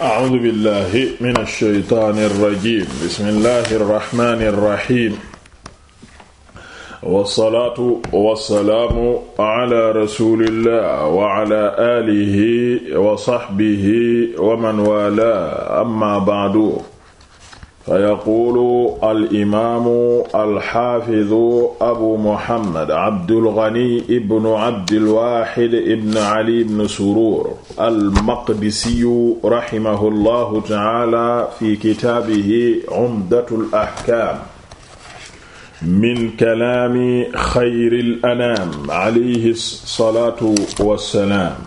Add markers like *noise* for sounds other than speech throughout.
a'uuzu billahi mina shaytaani rajiim bismillahi rahmaani rahiim wasalaatu wasalaamu ala rasulillah wa ala aalihi wa sahbihi wa man waalaahu amma ba'du fa yaquulu alimaamu alxaafidu abu mohammad abdulgani ibnu abdilwaxid ibn ali ibn surur almaqdisiyu raximahu llahu taala fi kitaabihi cumdatu alaxkaam min kalaami xayri alanaam alayhi salaatu wassalaam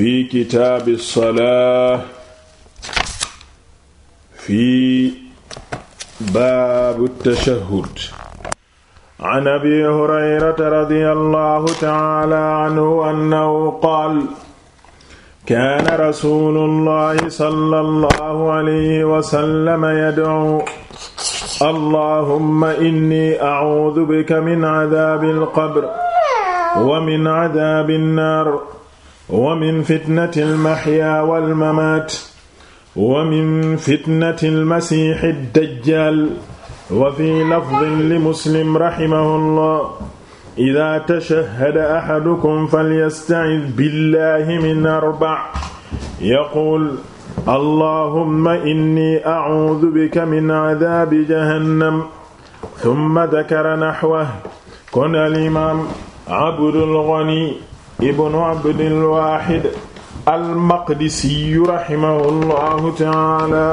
fi kitaabi salaa fi baabu tashahhud an abi hurayrata radiyallahu ta'ala anhu annahu qaala kaana rasuulullahi sallallahu alayhi wa sallam yad'u allahumma inni a'uudu bika min adhaabil qabr wa min adhaabin naar wa min fitnatil mahyaa wal mamaat wa min fitnati almasiixi dajjaal wa fi lafdin li muslim rahimahullah idaa tashahhada ahadukum falyasta'iz billaahi min arbac yaquul allahumma inni acuudu bika min cadaabi jahannam summa dakara naxwahu kon alimaam Abdul Ghani ibnu Abdil Waahid almaqdisiyu rahimahullahu taala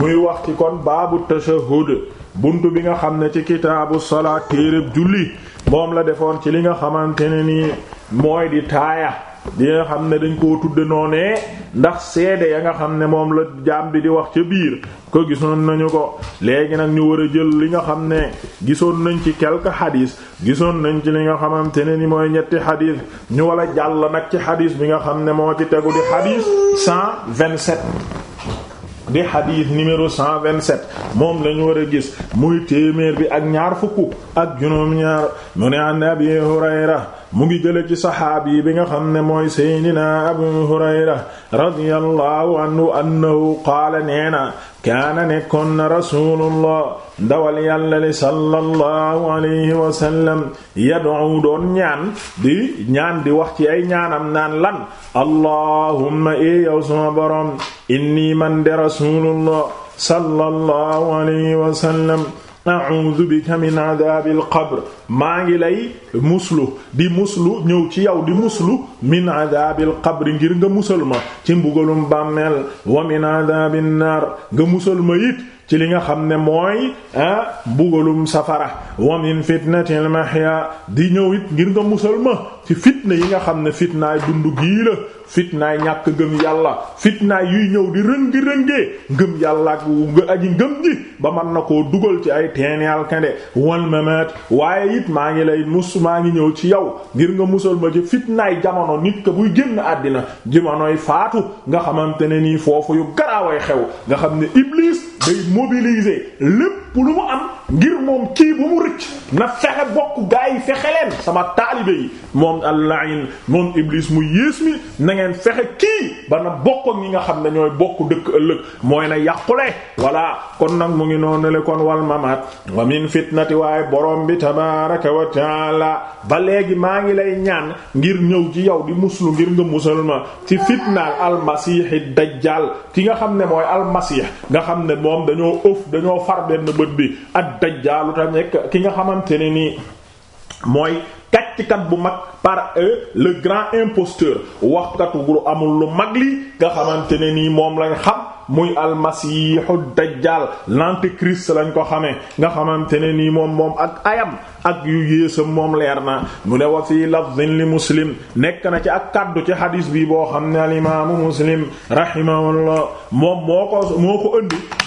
muy wax ci kon baabu tashahhud bunt bi nga xam ne ci kitaabu salaat téeréb julli moom la defoon ci li nga xamante ne nii mooy di taaya li nga xam ne dañ koo tudd noonee ndax seede ya nga xam ne moom la jaam bi di wax ca biir ko gisoon nañu ko léegi nag ñu war a jël li nga xam ne gisoon nañ ci quelques xadis gisoon nañ ci li nga xamante ne ni mooy ñetti xadis ñu wala jàll nag ci xadis bi nga xam ne moo ci tegu di xadis cent vingt-sept di hadith numéro cent vingt 127 moom la ñu war a gis muy téeméer bi ak ñaar fukk ak juróom-ñaar mu ne an Abi Hurayra mu ngi jële ci saxaabi bi nga xam ne mooy Seydina Abu Hurayra radiyallahu anhu annahu qaala neena kaana nekkoon na rasulullah ndawal yàlla le sallallahu alayhi wa sallam doon ñaan di ñaan di wax ci ay ñaanam naan lan allahumma e yow sama inni man de rasulullah sallallahu alayhi wa a'udhu bika min adhabil qabr maa ngi lay muslu di muslu ñëw ci yow di muslu min adhabil qabr ngir nga musal ma ci mbugalum bàmmeel wa min adhabin nar nga musal ma it ci li nga xam ne mooy ah mbugalum safara wa min fitnatil mahya di ñëw it ngir nga musal ma ci fitna yi nga xam ne fitnaay dund gii la fitnaay ñàkk gëm yàlla fitnaay yuy ñëw di rëngi rëngee ngëm yàlla ak aji ngëm ji ba man na ko dugal ci ay teeni alkande wal mamat waaye it maa ngi lay mus maa ngi ñëw ci yow ngir nga musal ma ci fitnaay jamono nit ko buy génn àddina jamonoy faatu nga xamante ne nii foofu yu garaaway xew nga xam ne iblis day mobiliser lépp lépp lu mu am ngir moom kii bu mu rëcc na fexe bokk gaa yi fexe leen sama taalibe yi moom al moom iblis mu yées mi na ngeen fexe kii ba na bokk ak nga xam ne ñooy bokk dëkk ëllëg mooy na yàqule voilà kon nag mu ngi noonu le kon wal mamat wa min fitnati waaye borom bi tabaraka wa la ba léegi maa ngi lay ñaan ngir ñëw ci yow di muslu ngir nga musal ma ci fitnaal almasihi dajjal ki nga xam ne mooy almasih nga xam ne moom dañoo ëf dañoo far bët bi at dajjaalu ta nekk ki nga xamante ne nii mooy kàcckat bu mag par eux le grand imposteur waxkatu bu amul lu mag li nga xamante ne nii moom lañ xam muy almasiixu dajjaal l'antéchrist lañ ko xame nga xamante ne nii moom moom ak ayam ak yu yéesam moom leer na mu ne wa fii lafdin li muslim nekk na ci ak kàddu ci hadis bi boo xam ne al imaamu muslim rahimahullah moom moo ko moo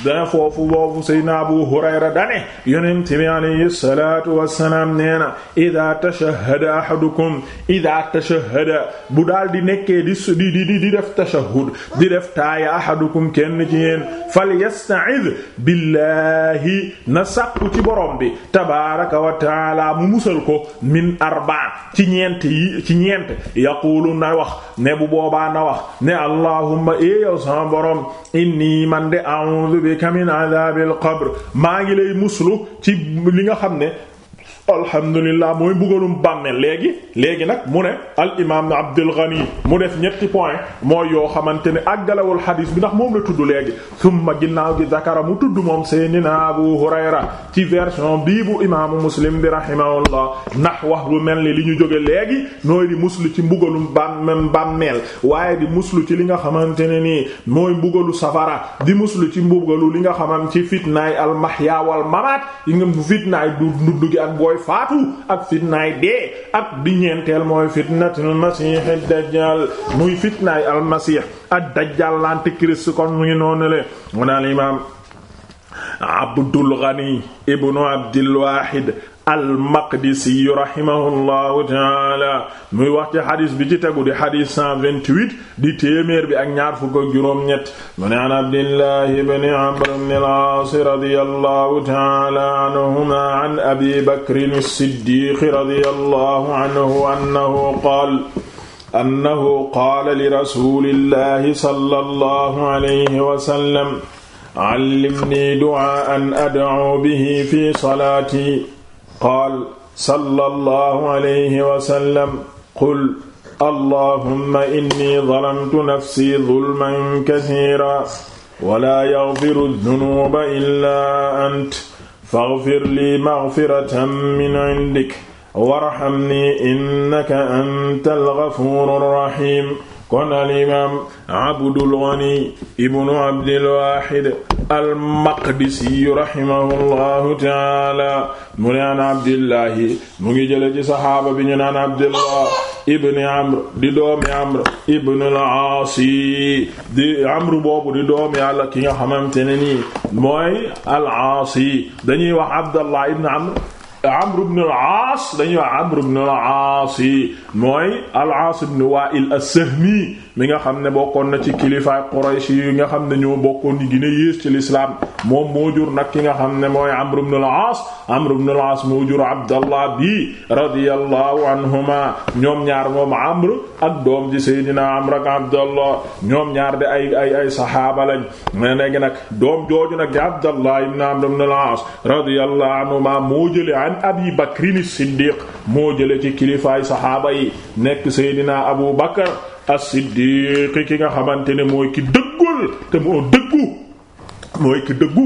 dana foofu foofu saydna abu hurayra dane yonent bi alayhi salaatu wassalaam nee na ida tashahhada ahadukum ida tashahada bu daal di nekkee di di di def tashahhud di def taaya ahadukum kenn ci yéen falyasta'id billahi na sàkku ci borom bi tabaraka wa taala mu musal ko min arba ci ñeent yi ci ñeent yaqulu na wax ne bu boobaa na wax ne allahumma e yow borom inni man de a'udhu bika min adhabil qabr maa ngi lay muslu ci li nga xam ne alhamdulilah mooy mbugalum bàmmeel léegi léegi nag mu ne al imaam Abdul Ghani mu def ñetti point mooy yoo xamante ne àggalewul xadiis bi ndax moom la tudd léegi summa ginnaaw gi zakara mu tudd moom seydina Abu Hurayra ci version bii bu imaamu Muslim bi rahimahullah ndax wax lu mel ni li ñu jóge léegi nooy di muslu ci mbugalum bàmmeel bàmmeel waaye di muslu ci li nga xamante ne nii mooy mbugalu safara di muslu ci mbugalu li nga xamam ci fitnaay al mahya wal mooy faatu ak fitnaay dee ak di ñeenteel mooy fitnatul masiixi dajjal muy fitnaay al masiix ad dajjal l'antéchrist kon mu ngi noonu le mu naan imaam Abdul Ghani ibnu Abdul Wahid al-Maqdisi rahimahullahu taala muy wax ci xadis bi ci tegu di xadis 128 di téeméer bi ak ñaar fukk ak juróom-ñett mu ne an Abdillahi ibn Amr ibn al-Aas radiyallahu taala anhuma an Abi Bakr as-Siddiq radiyallahu anhu annahu qaala annahu qaala li rasuulillahi sallallahu alayhi wa sallam allimnii du'aa'an ad'uu bihi fii salaatii qaal sallallahu alayhi wa sallam qul allahumma inni zalamtu nafsi zulman kasiira wala yaghfiru dunuuba illaa ant faghfir lii maghfiratan min indik warhamni innaka antal ghafuurur rahiim kon al imaam Abdul Ghani ibnu Abdil Wahid al-Maqdisi rahimahullahu taala mu ne an Abdillahi mu ngi jële ci saxaaba bi ñu naan Abdullah ibni Amr di doomi Amr ibn al-Aas di Amr boobu di doomi Yàlla ki nga xamante ne nii mooy al-Aas dañuy wax Abdallah ibn Amr Amr ibn al-Aas dañuy wax Amr ibn al-Aas yi mooy al-Aas ibn Wa'il as-Sahmi mi nga xam ne bokkoon na ci kilifaay Quraysh nga xam ne ñoo bokkoon ni gine yées ci lislaam moom moo jur nag ki nga xam ne mooy Amr ibn al-As Amr ibn al-As moo jur Abdallah bi radiyallahu anhuma ñoom ñaar moom Amr ak doom ji Seydina Amr ak Abdallah ñoom ñaar de ay ay ay saxaaba lañ mais léegi nag doom jooju nag di Abdallah ibn Amr ibn al-As radiyallahu anhuma moo jële an Abi Bakr as-Siddiq moo jële ci kilifaay saxaaba yi nekk Seydina Abu Bakr as-siddiq ki nga xamante ne mooy ki dëggul te moo dëggu mooy ki dëggu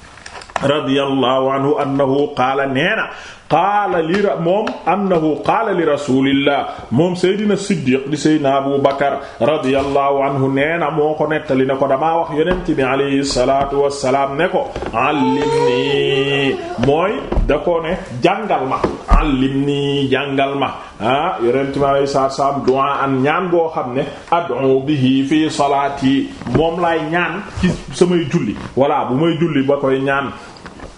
*coughs* radiyallahu anhu annahu qaala neena qaala li ra moom annahu qaala li rasulillah moom Seydina Siddiq di Seydina Abu Bakar radiyallahu anhu nee na moo ko nettali ne ko damaa wax yonent bi alayhi salaatu wassalaam ne ko allimni mooy da ko ne jàngal ma allimni jàngal ma ah yonent bi alayhi salaatu wassalaam du'a an ñaan boo xam ne ad'u bihi fi salaati moom laay ñaan ci samay julli walla bu may julli ba koy ñaan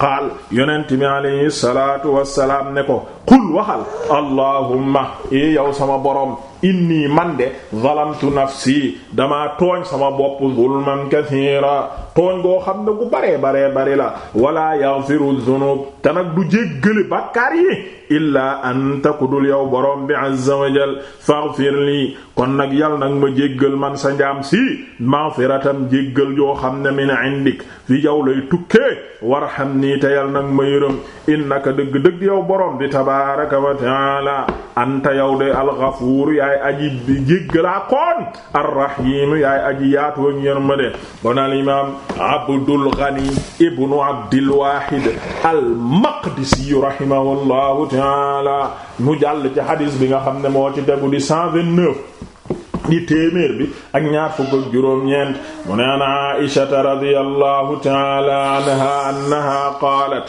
qaal yonent bi alayhi salaatu wassalaam ne ko qul waxal allahumma i yow sama borom inni man de zalamtu nafsi dama tooñ sama bopp zulman kathira tooñ goo xam ne bu baree baree bari la wala yaghfiru dhunub te nag du jéggale bàkkaar yi illaa anta ku dul yow boroom bi azza wa jal faghfir lii kon nag yal nag ma jéggal man sa njaam si maghfiratam jéggal joo xam ne min indik fi jaw lay xam warhamni te yal nag ma yërëm innaka dëgg-dëgg yow boroom bi tabaraka wa taala anta yow de alghafuur yaay aji jéggalaa koon arrahiim yaay aji yaatu ak yërmande kon al imaam Abdul Ghani ibnu Abdil Wahid al-Maqdisi rahimahullahu taala mu jàll ci xadis bi nga xam ne moo ci tegu di 129 di téeméer bi ak ñaar fukk ak juróom-ñeent mu ne an Aishata radiyallahu taala anha annaha qaalat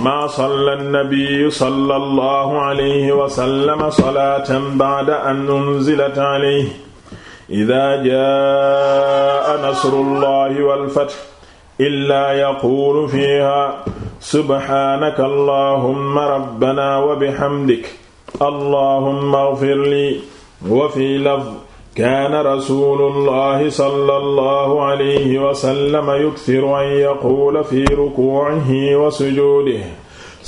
maa salla an-nabiyyu sallallahu alayhi wa sallam salaatan ba'da an unzilat alayhi idaa jaa nasrullahi wal fath illaa yaquulu fiihaa subhaanaka allahumma rabbanaa wa bihamdik allahumma ighfir lii wa fii lafz kaana rasuulullahi sallallahu alayhi wa sallam yukthiru an yaquula fii rukuu'ihi wa sujuudihi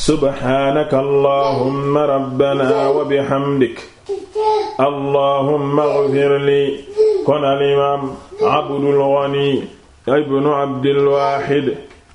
subhaanaka allahumma rabbanaa wa bihamdik allahumma ighfir lii kon al imaam Abdul Ghani ibnu Abdil Wahid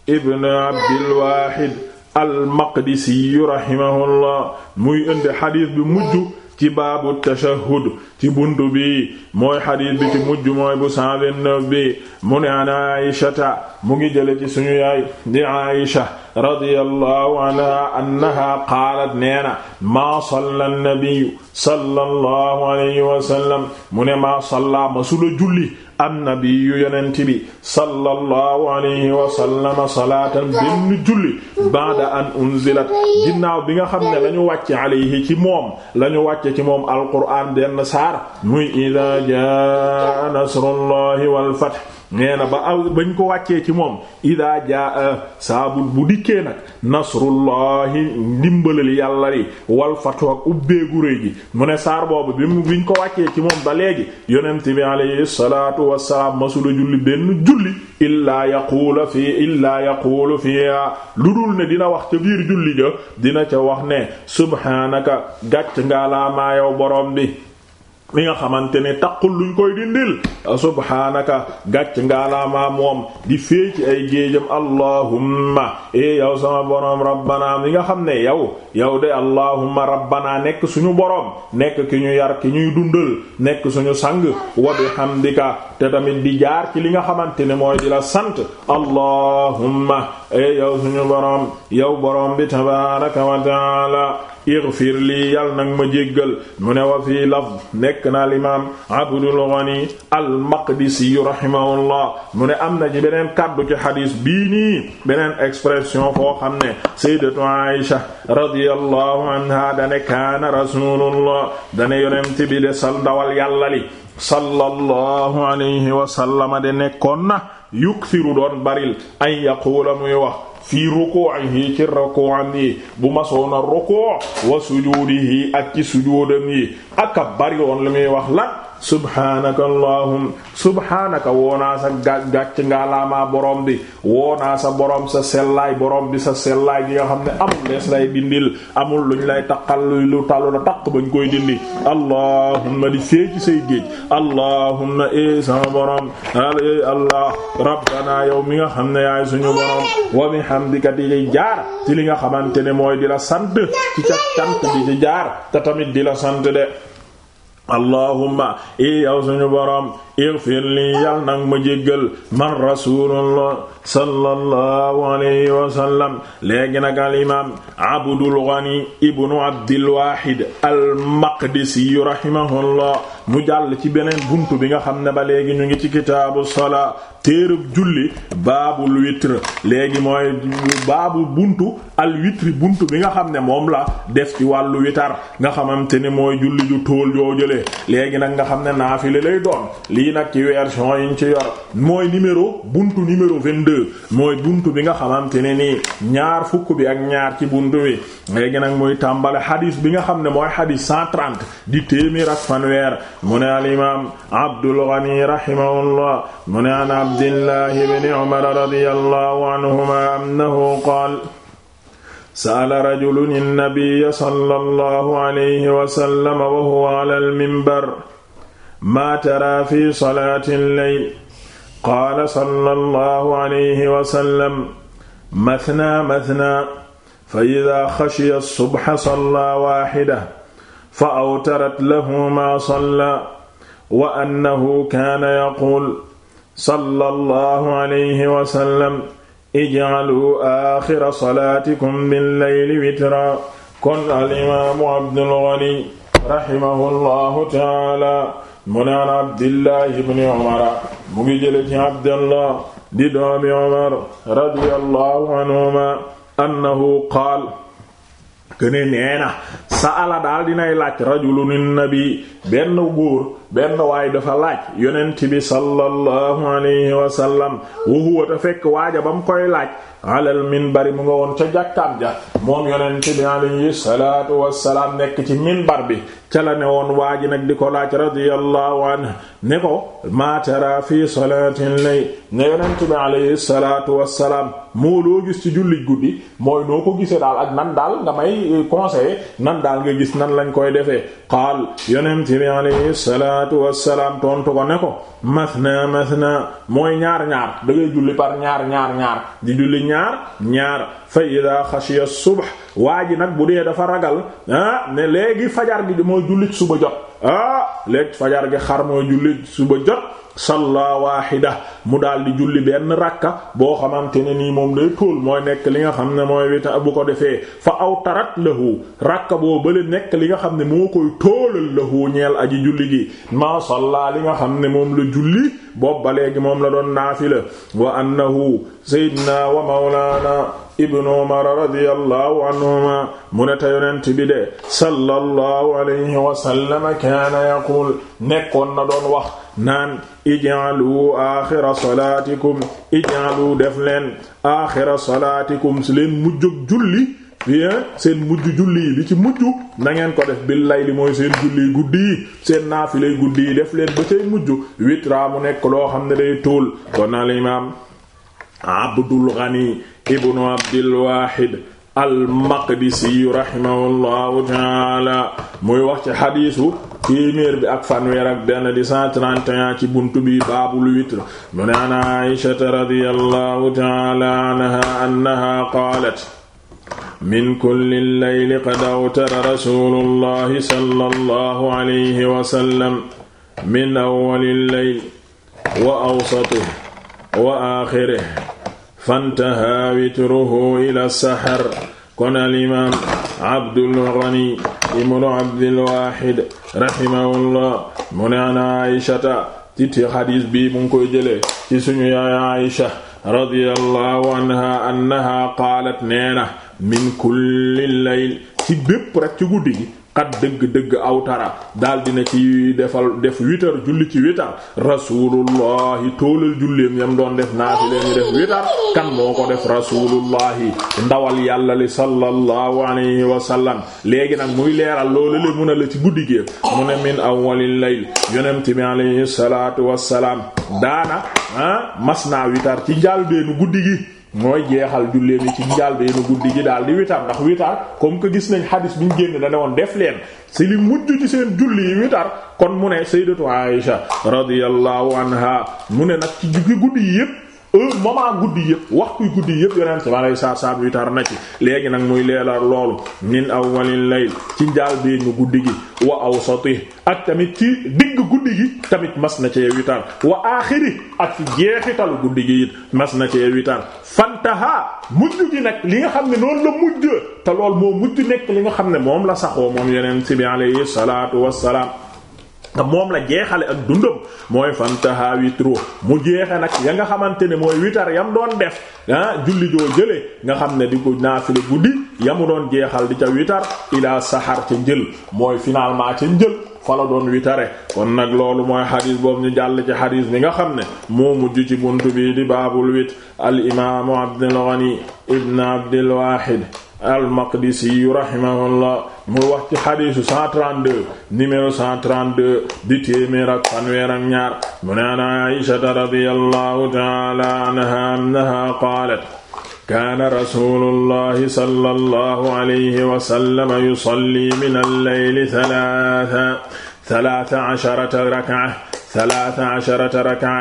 ibnu Abdil Wahid al Maqdisi rahimahullah muy indi xadiis bi mujj ci baabu tashahhud ci buntu bi mooy xadiis bi ci mujj mooy bu 129 bi mu ne an Aysata mu ngi jële ci suñu yaay di Aysa radiyallahu anha annaha qaalat nee na maa salla nabiyu sallallahu alayhi wa sallam mu ne maa salla masula julli annabiyu yonent bi sallallahu alayhi wa sallam salaatan benn julli baada an unzilat ginnaaw bi nga xam ne la ñu wàcce alayhi ci moom la ñu wàcce ci moom alquraan benn saar muy idaa jaa nasrullahi wal fath nee na ba aw bañ ko wàccee ci moom ida jaa saabul bu dikkee nag nasrullahi ndimbalal yàlla li wal fatu ak ubbeegu réy gi mu ne saar boobu bi mu biñ ko wàccee ci moom ba léegi yonent bi alayhi salaatu wassalaam masula julli benn julli illaa yaquula fi illaa yaquulu fiha lu dul ne dina wax ca biir julli ja dina ca wax ne subhaanaka gàcc nga laa maayow borom bi li nga xamante ne taqul luñ koy dindil subhaanaka gàcc ngaalaama moom di féey ci ay géejam allahumma e yow sama boroom rabbana li nga xam ne yow yow de allahumma rabbana nekk suñu boroom nekk ki ñu yar ki ñuy dundal nekk suñu sang wa bihamdika te tamit di jaar ci li nga xamante ne mooy di la sant allahumma e yow suñu boroom yow boroom bi tabaaraka wa taala ighfir lii yàlla nag ma jéggal mu ne wa fii lafz nekk na al imaam Abdul Ghani al Maqdisi rahimahullah mu ne am na ci beneen kaddu ci xadis bii nii beneen expression foo xam ne sayyidatu Aisha radiyallahu anha dane kaana rasulullah dane yonent bi de sal dawal yàlla li sallallahu alayhi wa sallama de nekkoon na yukthiru doon baril ay yaquula muy wax fii ruku'ihi ci ruku'am yi bu masoon a ruku' wa sujudihi ak ci sujudam yi ak bari woon li muy wax la subhaanaka allahum subhaanaka woonaa sa gàcc ngaalaamaa borom bi woonaa sa borom sa sellaay borom bi sa sellaay gi nga xam ne amul lees lay dindil amul lu luñ lay taqal lu talu la taq bañ koy dindi allahumma di fee ci say géej allahumma e sama borom aley eh allah rabbana yow mi nga xam ne yaay suñu borom wa bihamdika di jaar ci li nga xamante ne mooy di la sant ci ca cant di jaar te tamit di la sant de allahumma i yow suñu borom igfir lii yal nag ma jéggal man rasulullah sallallahu alayhi wa sallam léegi nag al imaam Abdul Ghani ibnu Abdil Wahid al Maqdisi rahimahullah mu jàll ci beneen bunt bi nga xam ne ba léegi ñu ngi ci kitaabu salaa téereb julli baabul witr léegi mooy baabu buntu al witr buntu bi nga xam ne moom la def ci wàllu witar nga xamante ne mooy julli ju tóol joo jëlee léegi nag nga xam ne naafile lay doon lii nag ci version yi ñu ci yor mooy numéro buntu numéro deux mooy buntu bi nga xamante ne nii ñaar fukk bi ak ñaar ci buntu bi léegi nag muy nga xam ne mooy xadis cent trente di téeméer ak fanweer mu ne al imaam Abdul Ghani rahimahullah mu ne an Abdillah ibn Umar radiyallahu anhuma annahu qaal sa'ala rajulun an-nabiyya sallallahu alayhi wa sallam wa huwa ala al-minbar maa tara fi salaatil layl qaala sallallahu alayhi wa sallam mathnaa mathnaa fa idaa xashiya subha sallaa waaxida fa awtarat lahu maa sallaa wa annahu kaana yaquul sallallahu alayhi wa sallam ij'aluu aaxira salaatikum bil-layli witraa kon al imaamu Abdul Ghani rahimahu llahu ta'aala mu ne an abdillah ibni omara mu ngi jële ci abdallah di doomi omar radiyallahu anhuma annahu qaal kene neena sa ala daal dinay laaj rajulun nabi benn góor benn waay dafa laaj yonent bi sallallahu alayhi wa sallam fekk waaja ba mu koy laaj alal bari mu nga woon ca jàkkaam ja moom yonent bi alayhi salaatu wassalaam nekk ci minbar bi ca la ne woon waaji nag di ko laaj radiyallahu anhu ne ko maa tara fi salaatin lay ne yonent bi alayhi salaatu wassalaam moo loo gis ci julli guddi mooy noo ko gisee daal ak nan daal nga may conseiller nan daal nga gis nan lañ koy defee qaal yonent bi alayhi salaatu wassalaam tontu ko ne ko mathna mathna mooy ñaar ñaar da ngay julli par ñaar ñaar ñaar di julli ñaar ñaar fa ida xashiya subh waa ji nag bu dee dafa ragal ah ne léegi fajar gi mooy jullit suba jot ah léegi fajar gi xar mooy julli suba jot salla waahida mu daal di julli benn rakka boo xamante ne nii moom day tóol mooy nekk li nga xam ne mooy wita bu ko defee fa aw tarat lahu rakka boo bële nekk li nga xam ne moo koy tóolal lahu ñeel aji julli gi maa salla li nga xam ne moom la julli boobu ba léegi moom la doon naafila wa annahu sayyidina wa mawlana ibnu umar radiyallahu anhuma mu ne te yonent bi de sallallahu alayhi wa sallam kaana yaqul nekkoon na doon wax naan ij'alu aaxira salaatikum ij'alu def leen aaxira salaatikum si leen mujjug julli bien seen mujj julli yi li ci mujj na ngeen ko def bil layli mooy seen julli guddi yi seen naafilay guddi yi def leen ba cay mujj witraa mu nekk loo xam ne day tóol kon al imaam abdul ghani ibnu abdil wahid almaqdisi rahimahullahu taala muy wax ci xadiisu téeméer bi ak fanweer ak benn di 131 ci buntu bi baabul witr mu ne an aishata radiyallahu taala anha annaha qaalat min kulli layli qad awtara rasulullahi sallallahu alayhi wa sallam min awwalil layli wa awsatihi wa aaxirihi fantahaa witruhu ila sahar kon alimaam Abdul Ghani ibnu Abdil Waahid rahimahullah mu ne an Aysata titi xadiis bi mu ngi koy jëlee ci suñu yaay Aysa radiyallahu anha annaha qaalat nee na min kulli layl ci bépp rek ci guddi gi xat dëgg-dëgg aw tara daal dina ci defal def witar julli ci witar rasulullahi toolal julleem yam doon def naafile mi def witar kan moo ko def rasulullahi ndawal yàlla li sallallahu alayhi wa sallam léegi nag muy leeral loolu le mun la ci guddi gi mu ne min awwalil layl yonent bi alayhi salaatu wassalaam daana ah mas witar ci njaal deenu guddi gi mooy jeexal jullee ni ci njaal bi yéen guddi gi daal di witar ndax witar comme que gis nañ xadis bi ñu génn la ne woon def leen si li mujj ci seen julli yi witar kon mu ne sayyidatu Aisha radiyallahu anha mu ne nag ci guddi yépp heure moment guddi wax kuy guddi yépp yonent bi alayhi salaatu salaam witar na ci léegi nag muy leelar loolu min awwalil layl ci njaal beenu guddi gi wa awsati ak tamit ci digg guddi gi tamit mas na cee witar wa aaxiri ak ci jeexitalu guddi gi mas na cee witar fantaha mujj gi nag li nga xam ne noonu la mujj te lool moo mujj nekk li nga xam ne moom la saxoo moom yonent bi alayhi salaatu wassalaam te moom la jeexale ak dundam mooy fantaha witru mu jeexe nag ya nga xamante ne mooy witar yam doon def ah julli joo jële nga xam ne di ko naafile guddi ya mu doon jeexal di ca witar ila saxar ca jël mooy finalement ca njël fala doon witare kon nag loolu mooy xadis boobu ñu jàll ci xadis bi nga xam ne moo mujj ci buntu bi di baabul wit al imaamu abdul ghani ibn abdul wahid al-Maqdisi rahimahullah mu wax ci xadiisu 132 numéro 132 di téeméer ak fanweer ak ñaar mu ne ana Aisha radiyallahu ta'ala anha annaha qaalat kaana rasuulullahi sallallahu alayhi wa sallam yusalli min al-layli salaasa salaasa asharata rak'a salaasa asharata rak'a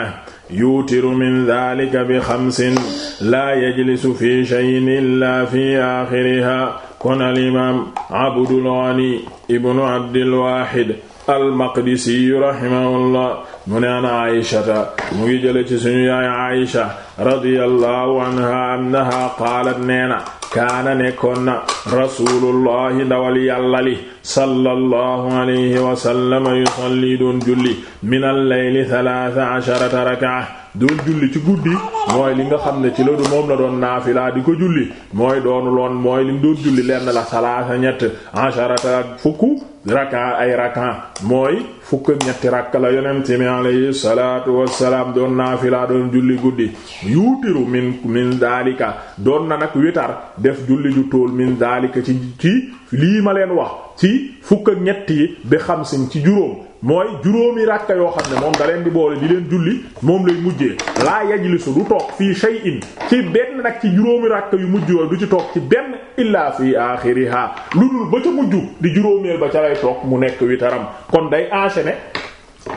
yuutiru min daalika bi xamsin laa yajlisu fi shay'in illaa fi aaxiriha kon alimaam Abdul Ghani ibnu Abdil Waahid al-Maqdisi rahimahullah mu ne an Aysata mu ngi jële ci suñu yaay Aysa radiyallahu anha annaha qaalat neena kaana nekkoon na rasulullahi ndawal yàlla li sallallahu alayhi wa sallam yusalli doon julli min al-layli talaata asharata rak'a doon julli ci guddi mooy li nga xam ne ci la moom la doon naafila di ko julli mooy doonu loon mooy li mu doon julli lenn la salaasa ñett asharata fukk rakan ay rakan mooy fukk ak ñetti rakk la yonent mi alayhi salaatu wassalaam doon naafila doon julli guddi yuutiru min min daalika doon na nag witar def julli ju tóol min daalika ci ci lii ma leen wax ci fukk ñetti ñett xam bi xamsin ci juróom mooy juróomi ràkka yoo xam ne moom da leen di boole di leen julli moom lay mujjee laa yajlisu du toog fii shay'in ci benn nag ci juróomi ràkka yu mujj yooyu du ci toog ci benn illaa fii aaxiriha lu dul ba ca mujj di juróomeel ba ca lay toog mu nekk witaram kon day enchaîner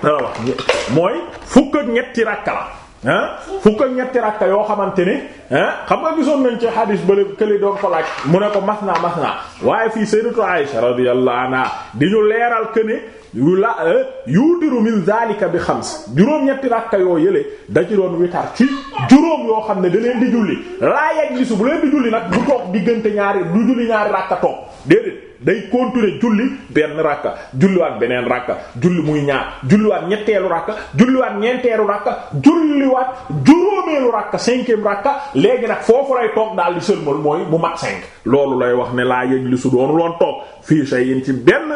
dara wax mooy fukk ñetti ràkka la ah fukk ñetti rakka yoo xamante ni ah xam nga gisoon nañ ci hadis bale kële doon ko laaj mu ne ko mas naa mas naa waaye fii sayyidatu Aisha radiyallahu anha di ñu leeral que ne yu la euh, yuutiru min zalika bi xams juróom-ñetti rakka yoo yële da ci doon witar ci juróom yoo xam ne da leen di julli laa yegg gisu bu leen di julli nag du toog diggante ñaari du julli ñaari rakka toog déedéet day continuer julli benn rakka julliwaat beneen rakka julli muy ñaar julliwaat ñetteelu rakka julliwaat ñeenteelu rakka julliwaat juróomeelu rakka cinquième rakka léegi nag foofu lay toog daal di sëlmal mooy mu mat cinq loolu lay wax ne laa yëg li su doonu loon toog fii shay'in ci benn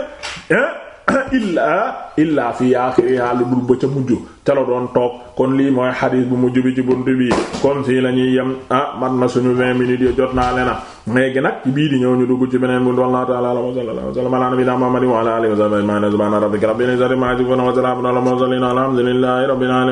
hein *coughs* illaa illaa fi aaxirihaa lu dul ba ca mujj te la doon toog kon lii mooy xadiis bu mujj bi ci bunt bi kon fii la ñuy yem ah mat na suñu vingt minutes yi jot naa lena léegi nag ci bii ñëw ñu dugg ci beneen bunt wallahu ta'ala wa sallallahu wa sallam ala nabiyyina muhammadin wa ala alihi wa sahbihi ajma'in subhana rabbika rabbil izzati amma yasifun wa salamun ala mursalin alhamdulillahi rabbil alamin